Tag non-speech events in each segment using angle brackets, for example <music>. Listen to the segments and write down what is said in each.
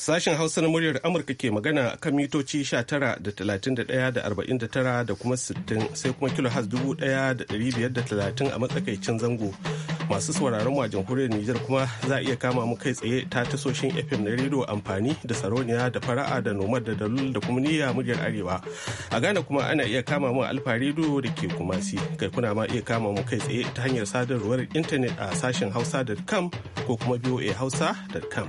Sashen Hausa na muryar Amurka ke magana kan mitoci 19 da 31 da 49 da kuma 60 sai kuma kilohaz 1530 a matsakaicin zango. Masu sauraron mu a jamhuriyar Nijar kuma za a iya kama mu kai tsaye ta tasoshin FM na rediyo amfani da Saroniya da Fara'a da Nomad da Dalul da kuma Niyya muryar Arewa. A Ghana kuma ana iya kama mu Alfa rediyo da ke Kumasi. Kai kuna ma iya kama mu kai tsaye ta hanyar sadarwar intanet a sashen hausa.com ko kuma voahausa.com.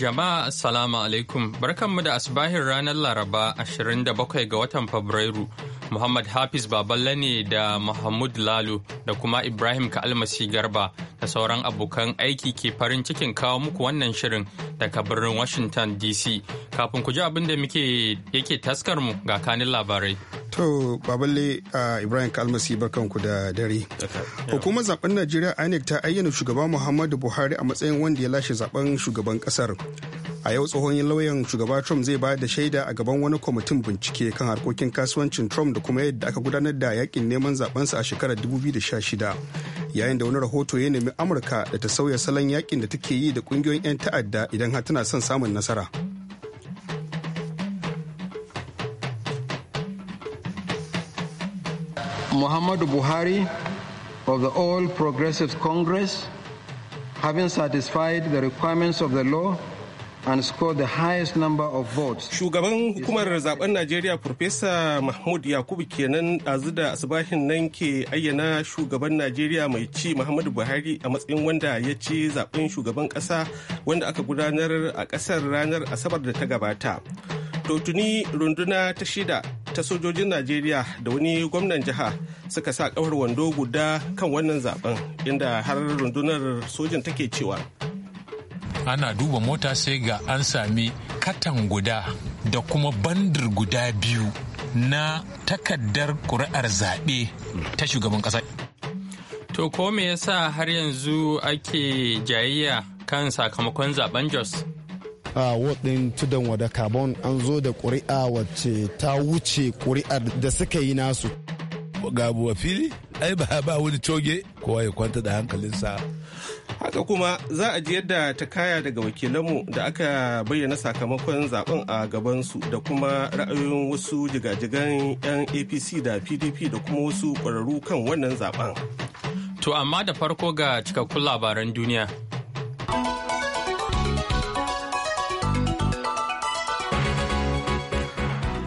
Jama'a Assalamu alaikum barkanmu da asbahin ranar Laraba 27 ga watan Fabrairu. Muhammad Hafiz Baballe ne da Mahmud lalu da kuma Ibrahim Ka'almasi Garba da sauran abokan aiki ke farin cikin kawo muku wannan shirin daga birnin Washington DC. Kafin ku ji abin da muke yake taskar mu ga kanin labarai. To baballe a Ibrahim Kalmasi barkanku da dare. Hukumar zaben Najeriya INEC ta ayyana shugaba Muhammadu Buhari a matsayin wanda ya lashe zaben shugaban kasar. A yau tsohon lauyan shugaba Trump zai bayar da shaida a gaban wani kwamitin bincike kan harkokin kasuwancin Trump da kuma yadda aka gudanar da yakin neman zabensa a shekarar 2016. Yayin da wani rahoto ya nemi Amurka da ta sauya salon yakin da take yi da kungiyoyin 'yan ta'adda idan har tana son samun nasara. Muhammadu Buhari of the All Progressive Congress, having satisfied the requirements of the law and scored the highest number of votes. Shugaban hukumar zaben Najeriya Profesa Mahmud Yakubu kenan ɗazu da asibahin nan ke ayyana shugaban Najeriya mai ci Muhammadu Buhari a matsayin wanda ya ci zaben shugaban ƙasa wanda aka gudanar a ƙasar ranar Asabar da ta gabata. To runduna ta shida ta sojojin najeriya da wani gwamnan jiha suka sa kawar wando guda kan wannan zaben inda har rundunar sojin take cewa ana duba mota sai ga an sami katan guda da kuma bandir guda biyu na takaddar kuri'ar zaɓe ta shugaban ƙasa to ko me yasa har yanzu ake jayayya kan sakamakon zaben jos A din tudan wada carbon an zo da ƙuri'a wacce ta wuce ƙuri'ar da suka yi nasu wa fili ai ba ba wani coge kowa ya kwanta da hankalinsa haka kuma za a ji yadda ta kaya daga wakilanmu da aka bayyana sakamakon zaben a gabansu da kuma ra'ayoyin wasu jigajigan 'yan apc da pdp da kuma wasu ƙwararru kan wannan zaben to amma da farko ga cikakkun labaran duniya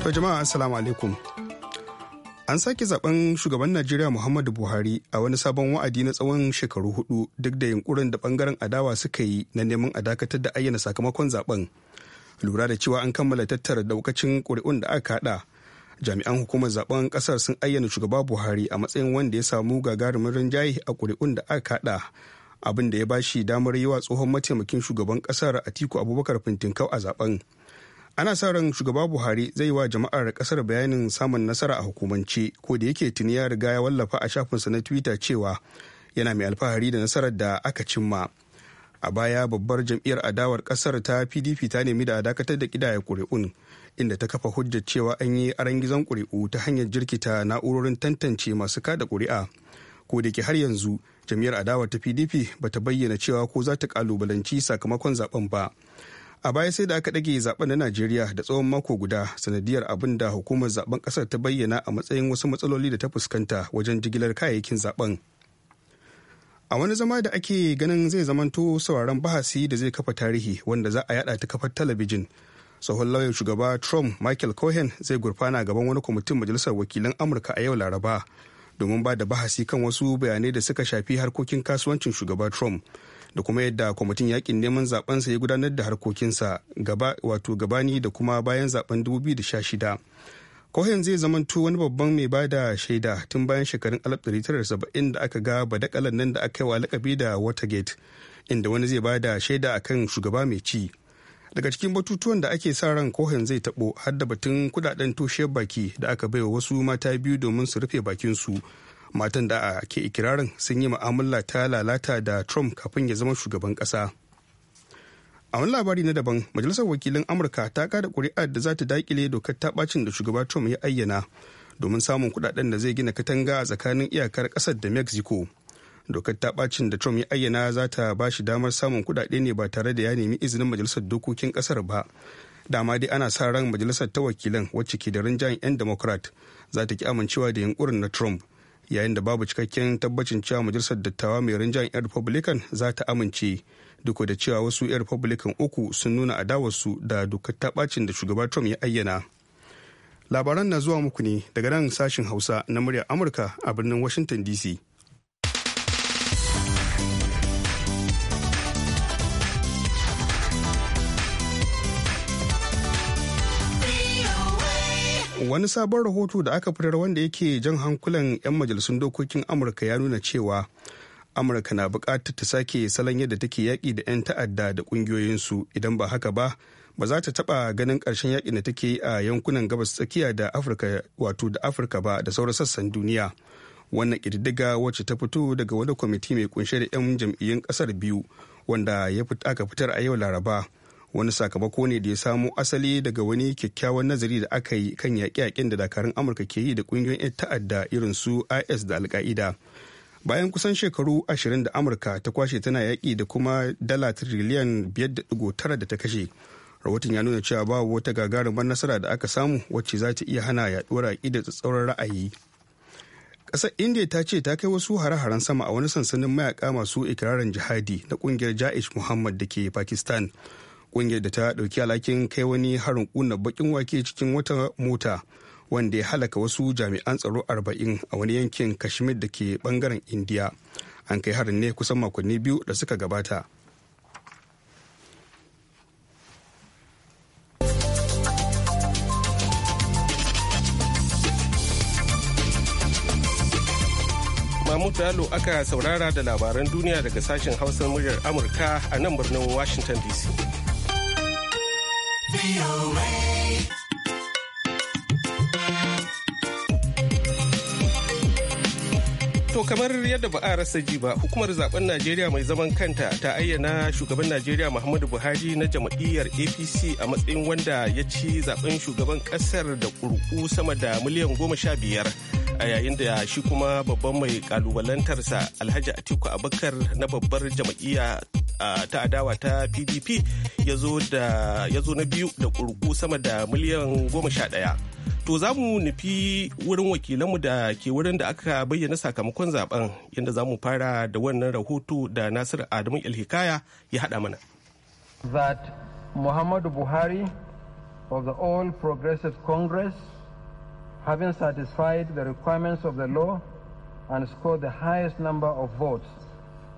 To jama'a assalamu alaikum. An sake zaben shugaban Najeriya Muhammadu Buhari a wani sabon wa'adi na tsawon shekaru hudu duk da yunkurin da bangaren adawa suka yi na neman a dakatar da ayyana sakamakon zaben. Lura da cewa an kammala tattara daukacin ƙuri'un da aka haɗa. Jami'an hukumar zaben ƙasar sun ayyana shugaba Buhari a matsayin wanda ya samu gagarumin rinjaye a ƙuri'un da aka haɗa. Abin da ya bashi damar yi wa tsohon mataimakin shugaban ƙasar Atiku Abubakar Fintinkau a zaben. ana sa ran shugaba buhari zai wa jama'ar kasar bayanin samun nasara a hukumance ko da yake tuni ya riga ya wallafa a shafinsa na twitter cewa yana mai alfahari da nasarar da aka cimma a baya babbar jam'iyyar adawar kasar ta pdp ta nemi da dakatar da kidaya ƙuri'un inda ta kafa hujjar cewa an yi arangizan ƙuri'u ta hanyar jirkita na'urorin tantance masu kada ƙuri'a ko da ke har yanzu jam'iyyar adawar ta pdp ba ta bayyana cewa ko za ta kalubalanci sakamakon zaben ba a baya sai da aka ɗage zaben na najeriya da tsawon mako guda sanadiyar abin da hukumar zaben ƙasar ta bayyana a matsayin wasu matsaloli da ta fuskanta wajen jigilar kayayyakin zaben a wani zama da ake ganin zai zamanto sauraron bahasi da zai kafa tarihi wanda za a yada ta kafar talabijin tsohon lauyan shugaba trump michael cohen zai gurfana gaban wani kwamitin majalisar wakilan amurka a yau laraba domin ba da bahasi kan wasu bayanai da suka shafi harkokin kasuwancin shugaba trump da kuma yadda kwamitin yakin neman sa ya gudanar da harkokinsa gaba wato gabani da kuma bayan zaben 2016 Cohen zai zamanto wani babban mai ba da shaida tun bayan shekarun 1970 da aka ga ba badakalan nan da aka yi wa lakabi da Watergate, inda wani zai ba da shaida akan shugaba mai ci. Daga cikin batutuwan da ake sa ran Cohen zai taɓo har da batun kudaden toshe baki da aka baiwa wasu mata biyu domin su rufe bakinsu matan da a ke ikirarin sun yi ma'amala ta lalata da trump kafin ya zama shugaban kasa a wani labari na daban majalisar wakilin amurka ta kada kuri'ar da za ta dakile dokar ta da shugaba trump ya ayyana domin samun kudaden da zai gina katanga a tsakanin iyakar kasar da mexico dokar ta da trump ya ayyana za ta ba shi damar samun kudade ne ba tare da ya nemi izinin majalisar dokokin kasar ba dama dai ana sa ran majalisar ta wakilan wacce ke da rinjayen 'yan democrat za ta ki amincewa da yunkurin na trump yayin da babu cikakken tabbacin cewa majalisar dattawa mai rinjayen 'yan republican za ta amince duk da cewa wasu 'yan republican uku sun nuna adawarsu da dokar ta bacin da shugaba trump ya ayyana labaran na zuwa muku ne daga nan sashin hausa na muryar amurka a birnin washington dc wani sabon rahoto da aka fitar wanda yake jan hankulan 'yan majalisun dokokin amurka ya nuna cewa amurka na bukatar ta sake salon yadda take yaƙi da 'yan ta'adda da ƙungiyoyinsu idan ba haka ba ba za ta taɓa ganin ƙarshen yaƙin da take yi a yankunan gabas tsakiya da afirka wato da afirka ba da sauran sassan duniya wannan ƙididdiga wacce ta fito daga wani kwamiti mai ƙunshe da 'yan jam'iyyun ƙasar biyu wanda ya aka fitar a yau laraba wani sakamako ne da ya samo asali daga wani kyakkyawan nazari da aka yi kan yaƙe-yaƙen da dakarun amurka ke yi da ƙungiyoyin 'yan ta'adda irin su is da alka'ida bayan kusan shekaru ashirin da amurka ta kwashe tana yaƙi da kuma dala tiriliyan biyar da ta kashe rahoton ya nuna cewa babu wata gagarumar nasara da aka samu wacce za ta iya hana yaɗuwar aƙida tsatsauran ra'ayi ƙasar india ta ce ta kai wasu hare-haren sama a wani sansanin mayaka masu ikirarin jihadi na ƙungiyar ja'ish muhammad da ke pakistan kungiyar da ta ɗauki alhakin kai wani harin kunna bakin wake cikin wata mota wanda ya halaka wasu jami'an tsaro 40 a wani yankin kashmir da ke bangaren indiya an kai harin ne kusan makonni biyu da suka gabata Mahmud Lalo aka saurara da labaran duniya daga sashen hausan muryar Amurka a nan birnin Washington DC. To kamar yadda ba a rasa ji ba hukumar zaben Najeriya mai zaman kanta ta ayyana shugaban Najeriya Muhammadu Buhari na jam'iyyar APC a matsayin wanda ya ci zaben shugaban kasar da kurku sama da miliyan goma sha biyar a yayin da shi kuma babban mai kalubalantarsa Alhaji Atiku Abakar na babbar jam'iyya ta adawa ta pdp ya zo na biyu da kurku sama da miliyan goma sha ɗaya to za mu nufi wurin wakilanmu da ke wurin da aka bayyana sakamakon zaben yadda za mu fara da wannan rahoto da nasir adamu ilhikaya ya haɗa mana that muhammadu buhari of the all progressive congress having satisfied the requirements of the law and scored the highest number of votes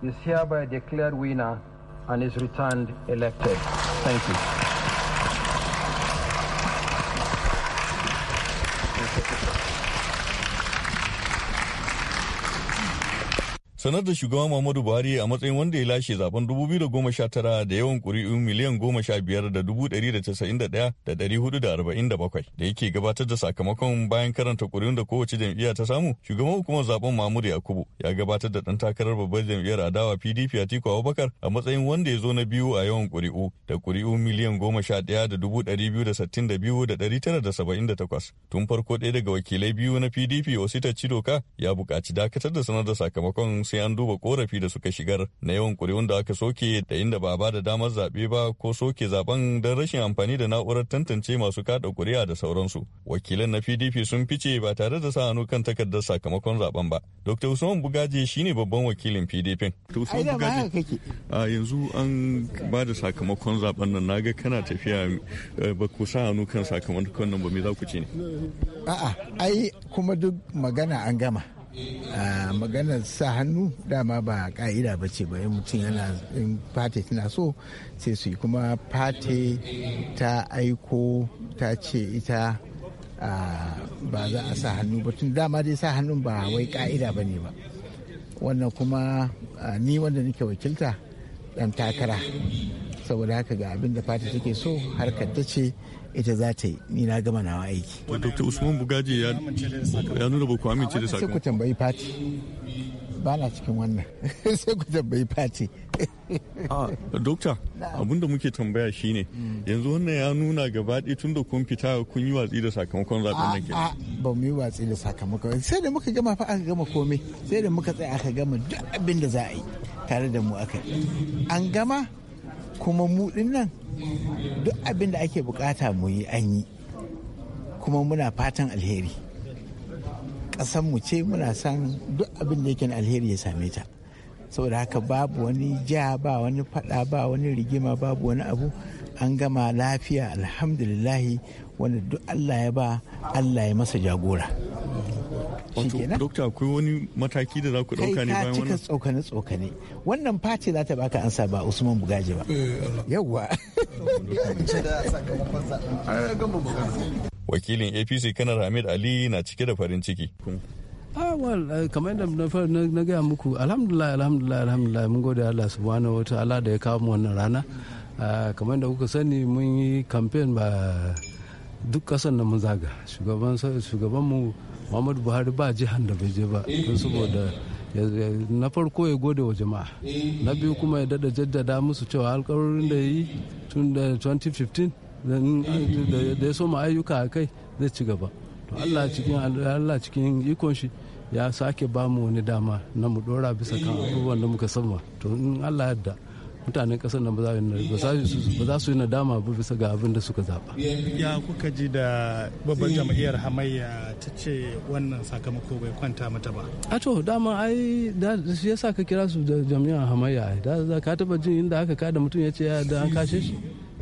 is hereby declared winner and is returned elected. Thank you. sanar da shugaban Muhammadu Buhari a matsayin wanda ya lashe zaben 2019 da yawan ƙuri'u miliyan 15,991,447 da yake gabatar da sakamakon bayan karanta ƙuri'un da kowace jam'iyya ta samu shugaban hukumar zaben Mahmud Yakubu ya gabatar da ɗan takarar babbar jam'iyyar adawa PDP a Tiko Abubakar a matsayin wanda ya zo na biyu a yawan ƙuri'u da ƙuri'u miliyan 11,262,978 tun farko ɗaya daga wakilai biyu na PDP Osita Chidoka ya buƙaci dakatar da sanar da sakamakon sai an duba korafi da suka shigar na yawan ƙuri'un da aka soke da inda ba ba da damar zaɓe ba ko soke zaben don rashin amfani da na'urar tantance masu kada ƙuri'a da sauransu. Wakilan na PDP sun fice ba tare da sa hannu kan takardar sakamakon zaben ba. Dr. Usman Bugaje shine babban wakilin PDP. Usman Bugaje a yanzu an ba da sakamakon zaben nan naga kana tafiya eh, ba ku sa hannu kan sakamakon nan ba me za ku ci ne? A'a ai kuma duk magana an gama. maganar sa hannu dama ba ka'ida ba ce ba mutum yana in fate tana so sai su yi kuma fate ta aiko ta ce ita ba za a sa hannu ba tun dama dai sa hannun ba wai ka'ida ba ne ba wannan kuma ni wanda nake wakilta dan takara saboda haka ga abin da fata take so harkar ta ce ita za ta yi ni na gama nawa aiki. Dr. Usman Bugaji ya nuna ba ku amince da sakamako. Sai ku tambayi fati. Ba na cikin wannan. <laughs> Sai ku tambayi fati. Ah, dokta, abin da muke tambaya shine hmm. yanzu wannan ya nuna gaba ɗaya tun da kun fita kun yi watsi da sakamakon zaɓen nan kenan. Ba mu yi watsi da sakamakon. Sai da muka gama fa aka gama komai. Sai da muka tsaya aka gama duk abin da za a yi tare da mu aka yi. An gama kuma mu nan duk abin da ake bukata mu yi an yi kuma muna fatan alheri mu ce muna san duk abin da yake alheri ya same ta saboda haka babu wani ja ba wani fada ba wani rigima babu wani abu an gama lafiya alhamdulillahi wanda duk allah ya ba allah ya masa jagora wato dokta akwai wani mataki da za ku dauka ne bayan wannan kai tsokane tsokane wannan face za ta baka ansa ba Usman Bugaje ba eh, yawa <laughs> wakilin APC kanar Hamid Ali na cike da farin ciki awal ah, eh, kamar yadda na gaya muku alhamdulillah alhamdulillah alhamdulillah mun gode Allah subhanahu wataala da ya kawo mu wannan rana ah, kamar da kuka sani mun yi campaign ba duk kasan da mun zaga shugaban mu muhammadu buhari ba jihar da bai je ba don saboda na farko ya gode wa jama'a na biyu kuma ya dada jaddada musu cewa alkawarin da ya yi tun da 2015 da ya soma ayyuka a kai zai ci gaba to allah cikin allah cikin ikon shi ya sake ba mu wani dama na mu dora bisa kan abubuwan da muka sama to in allah yadda mutanen kasar nan ba za su yi nadama ba bisa ga abin da suka zaba. ya kuka ji da babbar jam'iyyar hamayya ta ce wannan sakamako bai kwanta mata ba a to dama ai shi yasa ka kira su da jam'iyyar hamayya ai da ka taba jin inda aka kada mutum ya ce ya da an kashe shi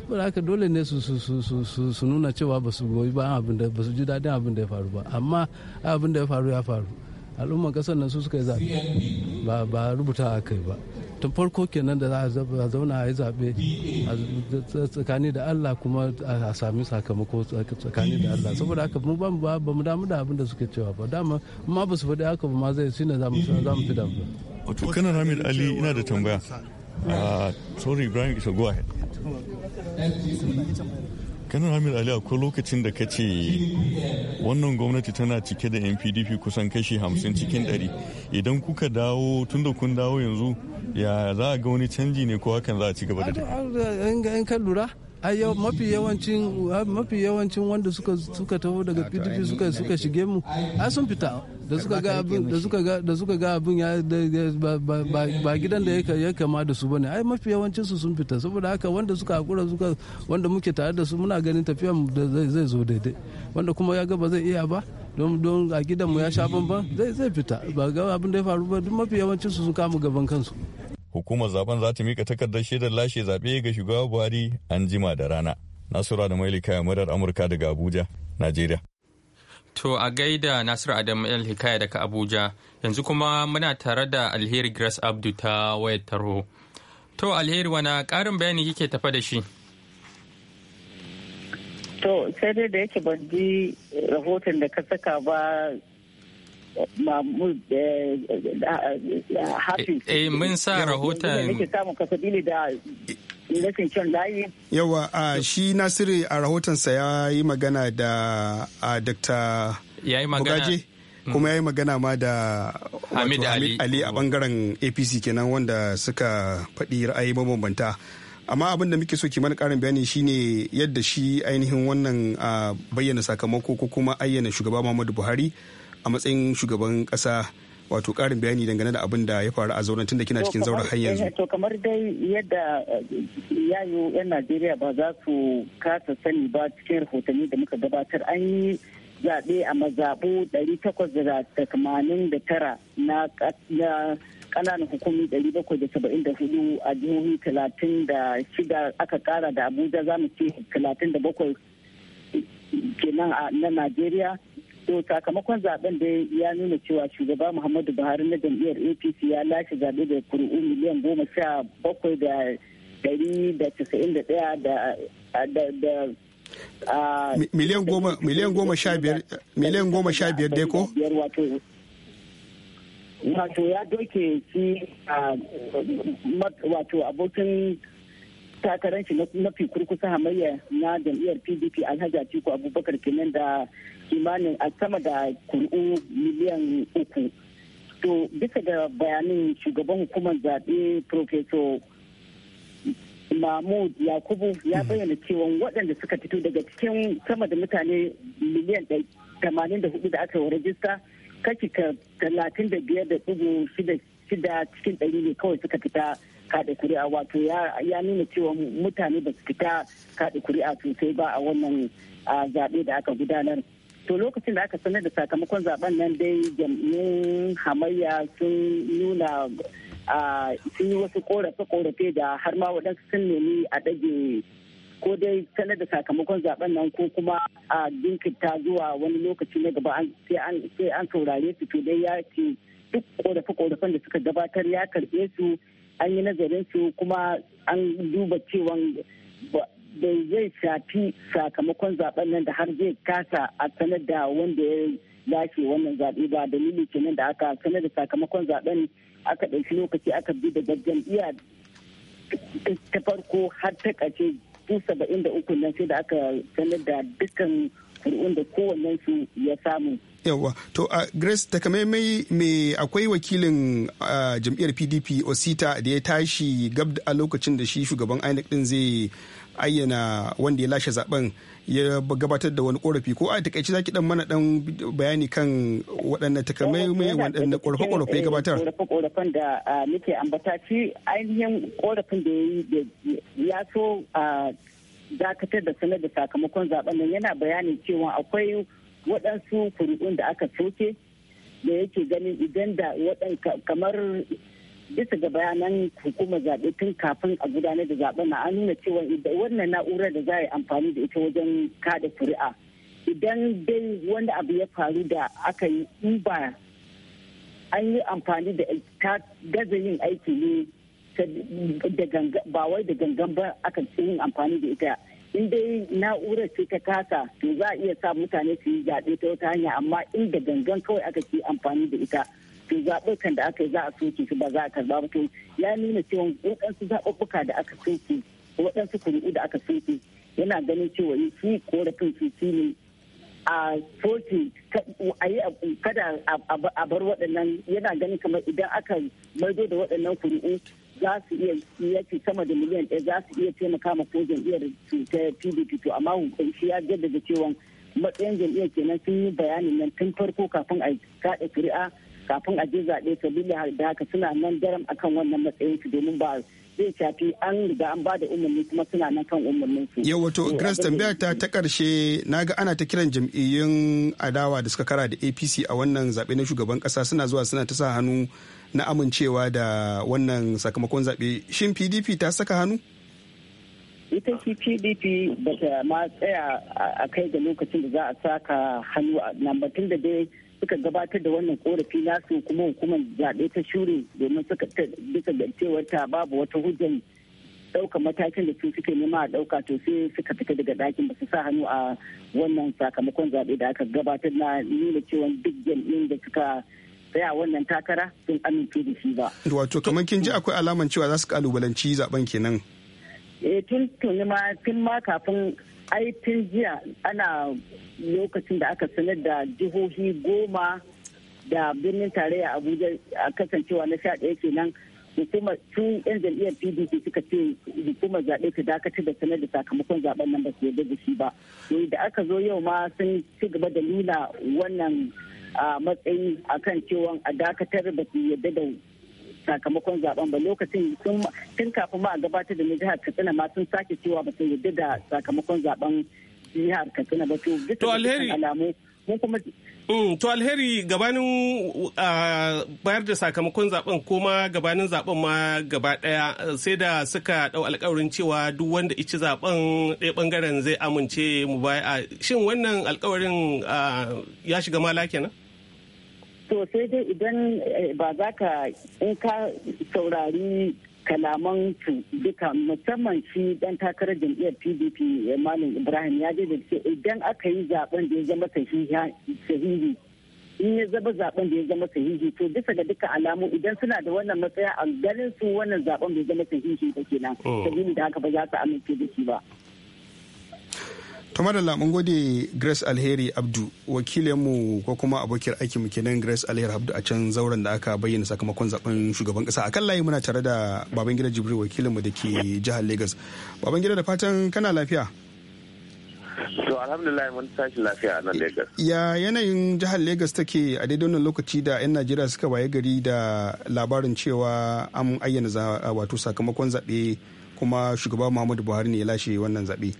saboda haka dole ne su su nuna cewa ba su goyi ba abin da ba su ji daɗin abin da ya faru ba amma abin da ya faru ya faru al'umman kasar nan su suka yi zaɓe ba rubuta a kai ba tun farko kenan da za a zauna a yi zaɓe tsakani da allah kuma a sami sakamako tsakani da allah saboda haka mu ba mu damu da abin da suke cewa ba dama ma ba su faɗi haka ba ma zai shi za mu fi damu to kana hamid ali ina da tambaya ah, sorry ibrahim isa go ahead kanar hamil ali akwai lokacin da ka ce wannan gwamnati tana cike da yan kusan kashi hamsin cikin ɗari idan kuka dawo tun da kun dawo yanzu ya za a ga wani canji ne ko hakan za a ci gaba da in mafi yawancin ah, mafi yawancin wanda suka suka taho daga PDP suka suka shige mu ai sun fita da suka ga abin da suka ga da suka ga abin ya ba gidan da ya kama da su bane ai mafi yawancin su sun fita saboda haka wanda suka hakura suka wanda muke tare da su muna ganin tafiya mu zai zo daidai wanda kuma ya ga ba zai iya ba don don a gidan mu ya sha bamban zai zai fita ba ga abin da ya faru ba duk mafi yawancin su sun kama gaban kansu hukumar zaben za ta mika takardar shaidar lashe zaɓe ga shugaba buhari an jima da rana nasura da maili kaya murar amurka daga abuja najeriya to a gaida nasiru adamu el hikaya daga abuja yanzu kuma muna tare da alheri grace abdu ta wayar tarho to alheri wana ƙarin bayani kike tafa da shi to sai dai da yake ban rahoton da ka saka ba Eh, eh, eh, mun sa rahoton. Yawa a shi Nasiru a rahotonsa ya yi magana da Dr. Ya mm. kuma ya yi magana ma da Hamid Ali a bangaren APC kenan wanda suka faɗi ra'ayi mabambanta. amma abin da muke so ki mana karin bayani shine yadda shi ainihin wannan bayyana sakamako ko kuma ayyana shugaba Muhammadu Buhari a matsayin shugaban kasa wato karin bayani dangane da abin da ya faru a zauren tun kina cikin zauren har yanzu. Eh, to kamar dai yadda eh, yayo 'yan Najeriya ba za su kasa sani ba cikin rahotanni da muka gabatar an yi zaɓe a mazaɓu 889 na ƙananan hukumi 774 a jihohi 36 aka kara da abuja za mu ce 37 kenan na najeriya to sakamakon zaben da ya nuna cewa shugaba muhammadu buhari na jam'iyyar apc ya lashe zaɓe da kuri'u miliyan goma sha bakwai da dari da casa'in da ɗaya da miliyan goma miliyan goma sha biyar miliyan goma sha biyar dai ko wato ya doke shi wato abokin takarar shi na mafi kurkusa hamayya na jam'iyyar pdp alhaji atiku abubakar kenan da kimanin a sama da kuri'u miliyan uku to bisa da bayanin shugaban hukumar zaɓe professor mahmud yakubu ya hmm. bayyana cewa waɗanda suka fito daga cikin sama da mutane miliyan tamanin da hudu da aka yi rajista kashi talatin da biyar da shida cikin ɗari ne kawai suka fita kaɗe kuri'a wato ya nuna cewa mutane ba su fita kaɗe kuri'a sosai ba a wannan zaɓe da aka gudanar to lokacin da aka sanar da sakamakon zaben nan dai jam'in hamayya sun nuna sun yi wasu korafe-korafe da har ma waɗansu sun nemi a ɗage ko dai sanar da sakamakon zaben nan ko kuma a jinkirta zuwa wani lokaci na gaba sai an saurare su to dai ya ce duk korafe-korafen da suka gabatar ya karɓe su an yi nazarin su kuma an duba cewa da zai shafi sakamakon zaben nan da har zai kasa a sanar da wanda ya lashe wannan zaɓe ba dalili kenan da aka sanar da sakamakon zaben aka ɗauki lokaci aka bi da daga iya ta farko har ta ƙarshe 73 nan sai da aka sanar da dukkan wanda kowannen su ya samu Yawwa, to a uh, grace takamaimai me akwai wakilin uh, jam'iyyar pdp osita da ya tashi gab a lokacin da shi shugaban inec din zai ayyana wanda ya lashe zaben ya gabatar da wani korafi ko a takaici zaki dan mana dan bayani kan waɗanne mai waɗannan korafe korafe ya eh, gabatar korafe korafen da nake uh, ambata shi ainihin korafin da ya so dakatar da sanar da sakamakon zaben nan yana bayanin cewa akwai waɗansu kuri'un da aka soke da yake ganin idan da kamar bisa ga bayanan hukumar zaɓe tun kafin a gudanar da zaɓen na an nuna cewa wannan na'urar da za a yi amfani da ita wajen kada kuri'a idan dai wani abu ya faru da aka yi in ba an yi amfani da ta gaza yin aiki ne ba wai da gangan ba aka yin amfani da ita in dai na'urar ce ta kasa to za a iya sa mutane su yi zaɓe ta wata hanya amma in da gangan kawai aka ci amfani da ita to zaɓukan da aka yi za a soke su ba za a karba ba to ya nuna cewa waɗansu zaɓuɓɓuka da aka soke waɗansu kuri'u da aka soke yana ganin cewa yi su korafin su su ne a soke kada a bar waɗannan yana ganin kamar idan aka maido da waɗannan kuri'u za su iya ya ce sama da miliyan ɗaya za su iya taimaka ma ko jam'iyyar su ta pdp to amma shi ya jaddada cewa matsayin jam'iyyar kenan sun yi bayanin nan tun farko kafin a kaɗa kuri'a kafin a je zaɓe sabili da haka suna nan daram akan wannan matsayin su domin ba zai shafi an riga an bada umarni kuma suna nan kan umarnin su. Yau wato eh, Grace tambaya ta ta karshe ga ana ta kiran jam'iyyun adawa da suka kara da APC a wannan zaɓe na shugaban ƙasa suna zuwa suna ta sa hannu na amincewa da wannan sakamakon zaɓe. Shin PDP ta saka hannu? ita shi pdp ba ta ma tsaya a kai da lokacin da za a saka hannu a nan batun da dai suka gabatar da wannan korafi nasu kuma hukumar zaɓe ta shure domin suka bisa da cewar ta babu wata hujjar ɗaukar matakin da su suke nema a ɗauka to sai suka fita daga ɗakin ba su sa hannu a wannan sakamakon zaɓe da aka gabatar na nuna cewa duk jam'in da suka tsaya wannan takara sun amince da shi ba. Wato kamar kin ji akwai alaman cewa za su kalubalanci zaben kenan. Eh tun tuni ma tun ma kafin ai tun jiya ana lokacin da aka sanar da jihohi goma da birnin tarayya abuja a kasancewa na sha ɗaya kenan hukumar tun yan jam'iyyar pdp suka ce hukumar zaɓe ta dakatar da sanar da sakamakon zaɓen nan ba su yarda da shi ba da aka zo yau ma sun ci gaba da nuna wannan matsayi akan cewa a dakatar ba su yarda da sakamakon zaben ba lokacin tun kafin ma a gabatar da jihar katsina ma sun sake cewa ba su yarda da sakamakon zaben jihar katsina ba to alheri alamu mun kuma mm, to alheri gabanin bayar da sakamakon zaben kuma gabanin zaben ma gaba daya sai da suka dau alkawarin cewa duk wanda ici zaben ɗaya bangaren zai amince mu baya shin wannan alkawarin ya shiga mala kenan to sai dai idan eh, ba za ka in ka saurari kalaman su duka musamman shi dan takarar jam'iyyar pdp eh, malam ibrahim ya da ce idan aka yi zaben da ya zama sahihi in ya zama zaben da ya zama sahihi to bisa ga duka alamu idan suna da wannan matsaya a ganin su wannan zaben bai zama sahihi ba kenan oh. sahihi da haka ba za su amince da shi ba to madalla mun gode grace alheri abdu wakilinmu ko kuma abokiyar aiki mu kenan grace alheri abdu a can zauren da aka bayyana sakamakon zaben shugaban kasa akan layi muna tare da baban gida jibril wakilinmu da ke jihar lagos baban gida da fatan kana lafiya to alhamdulillah mun tashi lafiya a nan lagos ya yanayin jihar lagos take a daidai wannan lokaci da yan najeriya suka waye gari da labarin cewa an ayyana wato sakamakon zabe kuma shugaba muhammadu buhari ne ya lashe wannan zabe.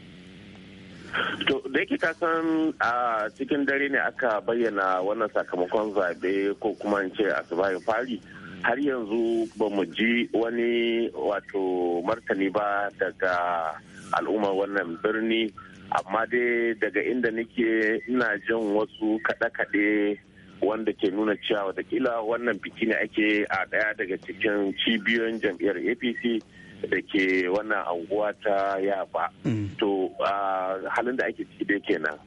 To da yake kasan a cikin dare ne aka bayyana wannan sakamakon zaɓe ko kuma in ce asibahin fari har yanzu ba mu ji wani wato martani ba daga al'ummar wannan birni amma dai daga inda nake ina jin wasu kaɗe-kaɗe wanda ke nuna cewa watakila wannan biki ne ake a ɗaya daga cikin cibiyoyin jam'iyyar apc da ke wannan anguwa ta yaba mm. to halin da ake ciki dai kenan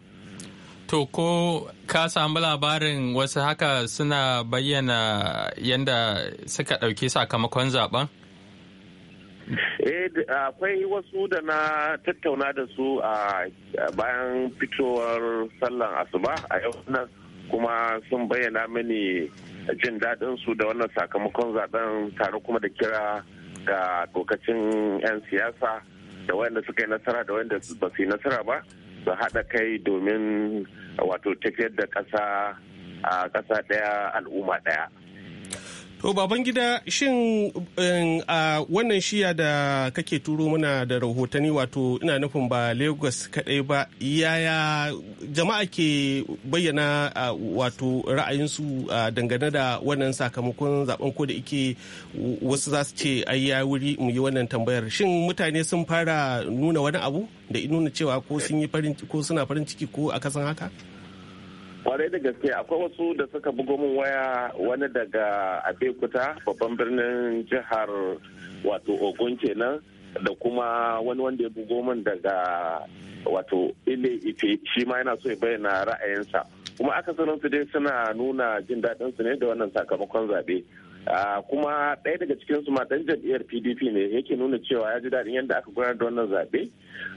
To ko ka samu labarin wasu haka suna bayyana yadda suka ɗauki sakamakon zaben? Eh akwai wasu da na tattauna da su a bayan fitowar sallan asuba a yau nan kuma sun bayyana mini jin daɗin su da wannan sakamakon zaɓen tare kuma da kira ga dokacin 'yan siyasa. da wayanda suka yi nasara da wanda ba su yi nasara ba su haɗa kai domin wato tafiyar da ƙasa a ƙasa ɗaya al'umma ɗaya To baban gida shin um, a wannan shiya da kake turo mana da rahotanni wato ina nufin ba Lagos kadai ba yaya jama'a ke bayyana wato ra'ayinsu dangane da wannan sakamakon zaben ko da ike wasu za su ce ai ya wuri mu yi wannan tambayar shin mutane sun fara nuna wani abu da nuna cewa ko sun yi ko suna farin ciki ko akasin haka? kwarai da gaske akwai wasu da suka bugo min waya wani daga abekuta babban birnin jihar wato ogun kenan da kuma wani wanda ya bugo min daga wato ile ife shi ma yana so ya bayyana ra'ayinsa kuma sanin su dai suna nuna jin daɗin su ne da wannan sakamakon zaɓe ah, kuma ɗaya daga cikin su ma ɗan jam'iyyar pdp ne yake nuna cewa ya ji daɗin yadda aka gudanar da wannan zaɓe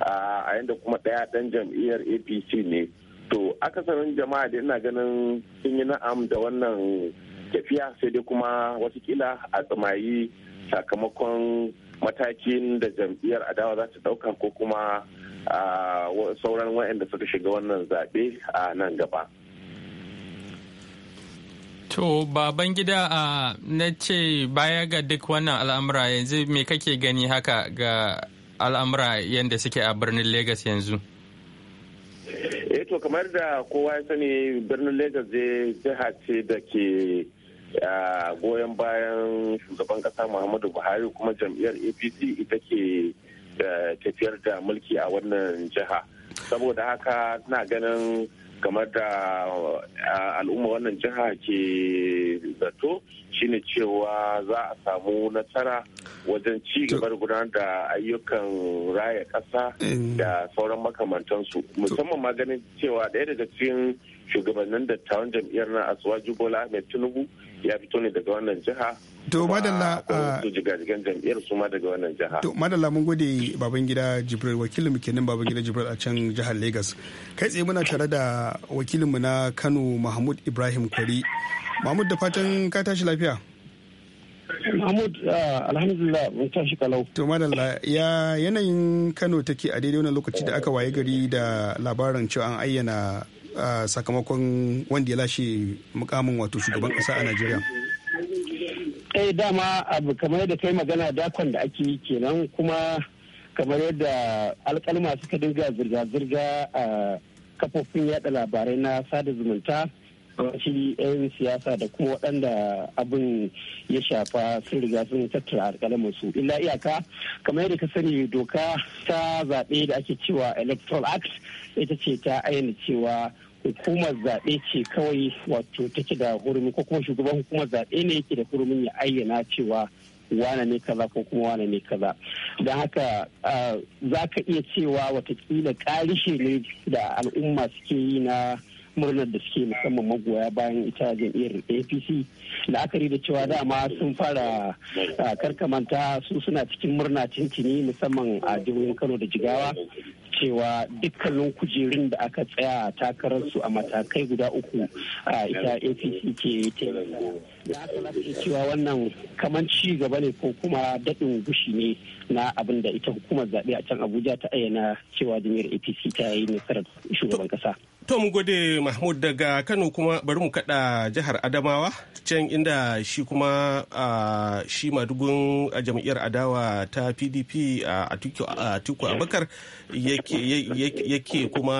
ah, a yadda kuma ɗaya ɗan jam'iyyar apc ne to akasarin jama'a da ina ganin sun yi na'am da wannan tafiya sai dai kuma watakila a tsamayi sakamakon matakin da jam'iyyar adawa za ta dauka ko kuma sauran waanda suka shiga wannan zaɓe a nan gaba. To, baban gida a na ce baya ga duk wannan al'amura yanzu me kake gani haka ga al'amura yadda suke a birnin Legas yanzu? to kamar da kowa ya sani birnin Legas je jiha ce da ke goyon bayan shugaban kasa Muhammadu Buhari kuma jam'iyyar APC ita ke tafiyar da mulki a wannan jiha. Saboda haka na ganin game da al'umma wannan jiha ke zato shine cewa za a samu nasara wajen ci gaba da gudanar da ayyukan raya ƙasa mm. da sauran makamantansu musamman ma ganin cewa ɗaya daga cikin shugabannin dattawan jam'iyyar na asuwaji bola ahmed tinubu ya fito ne daga wannan jiha to madalla ah, daga wannan jiha to madalla mun gode baban gida jibril wakilin mu kenan baban gida jibril a can jihar lagos kai tsaye muna tare da wakilin mu na kano mahmud ibrahim kwari mahmud da fatan ka tashi lafiya mahmud ah, alhamdulillah mun tashi kalau to madalla ya yanayin kano take a daidai wannan lokaci da aka waye gari da labarin cewa an ayyana sakamakon wanda ya lashe mukamin wato shugaban kasa a najeriya eh dama abu kamar yadda kai magana dakon da ake yi kenan kuma kamar yadda alkalma suka dinga zirga-zirga a kafofin yada labarai na sada zumunta shi 'yan siyasa da kuma waɗanda abin ya shafa sun riga sun tattara alƙalamin su illa iyaka kamar yadda ka sani doka ta zaɓe da ake cewa electoral act ita ce ta ayyana cewa hukumar zaɓe ce kawai wato take da hurumi ko kuma shugaban hukumar zaɓe ne yake da hurumin ya ayyana cewa wane ne kaza ko kuma wane ne kaza don haka za ka iya cewa watakila ƙarishe ne da al'umma suke yi na murnar da suke musamman magoya bayan ita jam'iyyar apc la'akari da cewa dama sun fara karkamanta su suna cikin murna tintini musamman a jihohin kano da jigawa cewa dukkanin kujerun da aka tsaya takararsu a matakai guda uku a ita apc ke da aka cewa wannan kamar ci gaba ne ko kuma daɗin gushi ne na abin da ita hukumar zaɓe a can abuja ta ayyana cewa jami'ar apc ta yi nasarar shugaban ƙasa. To mu gode Mahmud daga Kano kuma bari mu kada jihar Adamawa can inda shi kuma shi madugun jam'iyyar adawa ta PDP a tuku Abakar yake kuma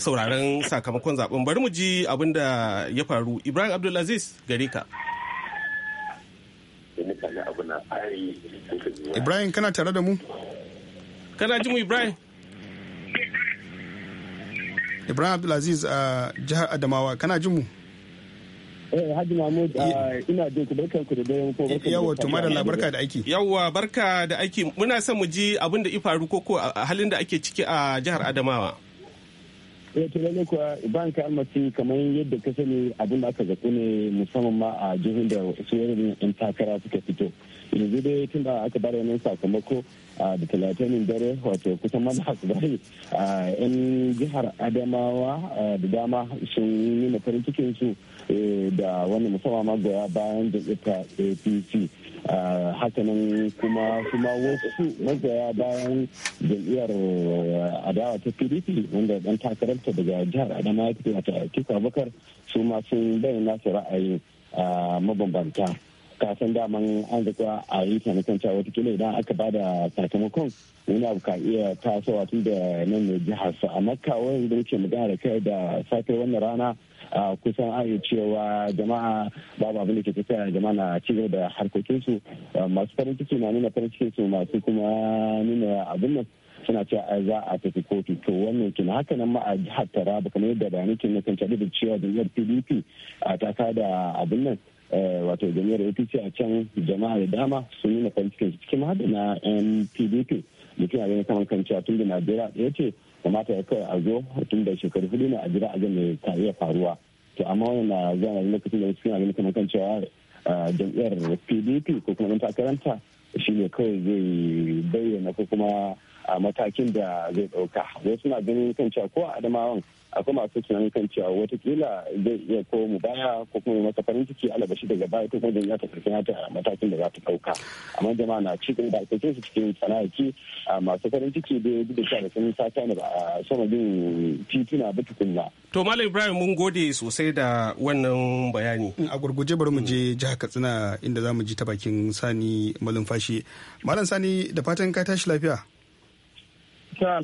sauraron sakamakon zaben bari mu ji abin da ya faru Ibrahim Abdulaziz gare ka. Ibrahim kana tare da mu? Kana ji mu Ibrahim? ibrahim abdulaziz a jihar adamawa kana jin mu Eh, Haji Mahmud, ina jin ku da Yawwa, to madalla barka da aiki. Yawwa, barka da aiki. Muna son mu ji abin da ifaru ko ko halin da ake ciki a jihar Adamawa. Eh, to ne kuwa ban ka almasi kamar yadda ka sani abin da aka zato ne musamman ma a jihun da su yan takara suka fito. Yanzu dai tun da aka bada wannan sakamako da talatin dare wato kusan ma bai bari yan jihar adamawa da dama sun nuna farin cikin su e, da wani musamman ma bayan bayan ita apc hakanan kuma kuma wasu magoya bayan jam'iyyar adawa ta pdp wanda dan takararta daga jihar adamawa ta kika bakar su ma sun bayyana su ra'ayi mabambanta kasan daman an zaka a yi kan cewa watakila idan aka ba da sakamakon wani abu ka iya tasowa tun da nan ne jihar su amma kawai da yake magana da kai da safe wannan rana kusan yi cewa jama'a babu abin da ke tafiya jama'a na cigaba da harkokinsu masu farin ciki na nuna farin su masu kuma nuna abin nan suna cewa za a tafi kotu to wannan na haka nan ma a jihar taraba kamar yadda bayanin kin na kan da cewa pdp ta kada abin nan Eh, wato jami'ar apc a can jama'a da dama sun nuna farin cikin cikin hada na yan pdp mutum a ganin kamar kan cewa tun da najeriya ya ce kamata ya kai a zo tun da shekaru hudu ne a jira a mai ka iya faruwa to amma wannan na zana lokacin da wasu suna ganin kamar kan cewa eh, jam'iyyar pdp ko kuma ɗan takaranta shi ne kawai zai bayyana ko kuma a matakin da zai ɗauka wasu na ganin kan cewa ko a adamawan akwai masu tunanin kan cewa watakila zai iya ko mu baya ko kuma masa farin ciki alabashi daga baya ko kuma jami'a ta karfin ta matakin da za ta ɗauka amma jama'a na cikin da aka su cikin sana'aki masu farin ciki da duk da cewa sun sata ne ba a sama bin tituna ba tukunna. to malam ibrahim mun gode sosai da wannan bayani. a gurguje bari mu je jihar katsina inda zamu ji ta bakin sani malumfashi malam sani da fatan ka tashi lafiya. ta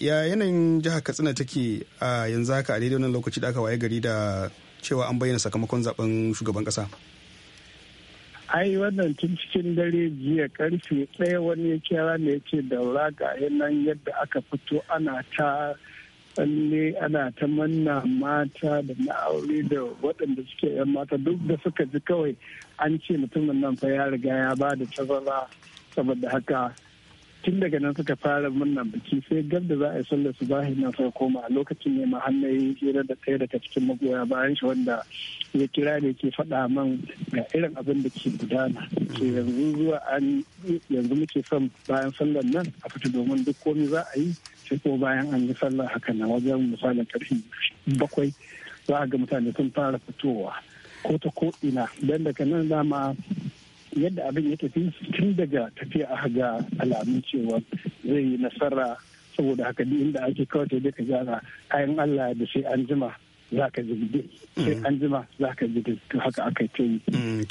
ya yanayin jihar katsina take a yanzu haka a daidai wannan lokaci da aka waye gari da cewa an bayyana sakamakon zaben shugaban kasa ai wannan tun cikin dare jiya karfe ɗaya wani ya kira ne ya ce da raga nan yadda aka fito ana ta tsalle ana ta manna mata da na aure da waɗanda suke yan mata duk da suka ji kawai an ce mutumin nan fa ya riga ya ba da tazara saboda haka tun daga nan suka fara murnan biki sai gab da za a yi sallar su ba nan suka koma a lokacin ne ma hannu yi hira da ɗaya daga cikin magoya bayan shi wanda ya kira ne ke faɗa man ga irin abin da ke gudana ke yanzu zuwa an yanzu muke son bayan sallar nan a fita domin duk komai za a yi sai ko bayan an yi sallar haka na wajen misalin karfi bakwai za a ga mutane sun fara fitowa ko ta ko ina don daga nan dama yadda abin ya tafi tun daga tafiya a ga alamun cewa zai yi nasara saboda haka inda ake kawai da ka gyara kayan Allah da sai an jima za ka ji sai mm. an jima za ka ji haka aka ce mm, to mm.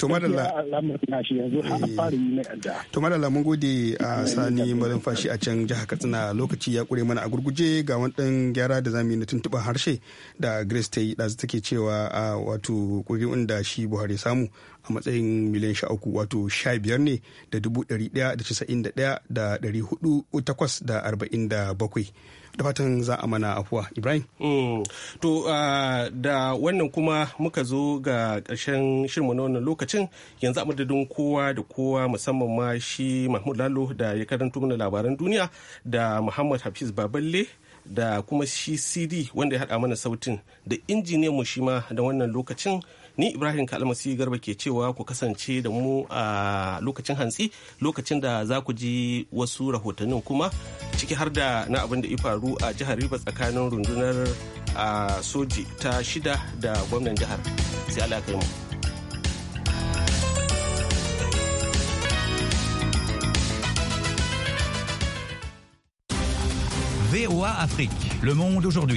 to madalla mun gode a sani fashi a can jihar Katsina lokaci ya kure mana a gurguje ga wani gyara da zamu yi na tuntuɓar harshe da Grace ta yi dazu take cewa a wato kuri'un da shi Buhari samu a matsayin miliyan sha uku wato sha biyar ne da dubu ɗari ɗaya da casa'in da ɗaya da ɗari hudu takwas da arba'in da bakwai da fatan za a mana afuwa ibrahim mm. to ah, da wannan kuma muka zo ga ƙarshen shirma na wannan lokacin yanzu a madadin kowa da kowa musamman ma shi mahmud lalo da ya karanto mana labaran duniya da muhammad hafiz baballe da kuma shi cd wanda ya haɗa mana sautin da injiniyanmu shi ma da wannan lokacin ni ibrahim kalmasi garba ke cewa ku kasance da mu a lokacin hantsi lokacin da za ku ji wasu rahotannin kuma ciki har da na abin da ya faru a jihar riba tsakanin rundunar soji ta shida da gwamnan jihar sai allah kai mu VOA Afrique,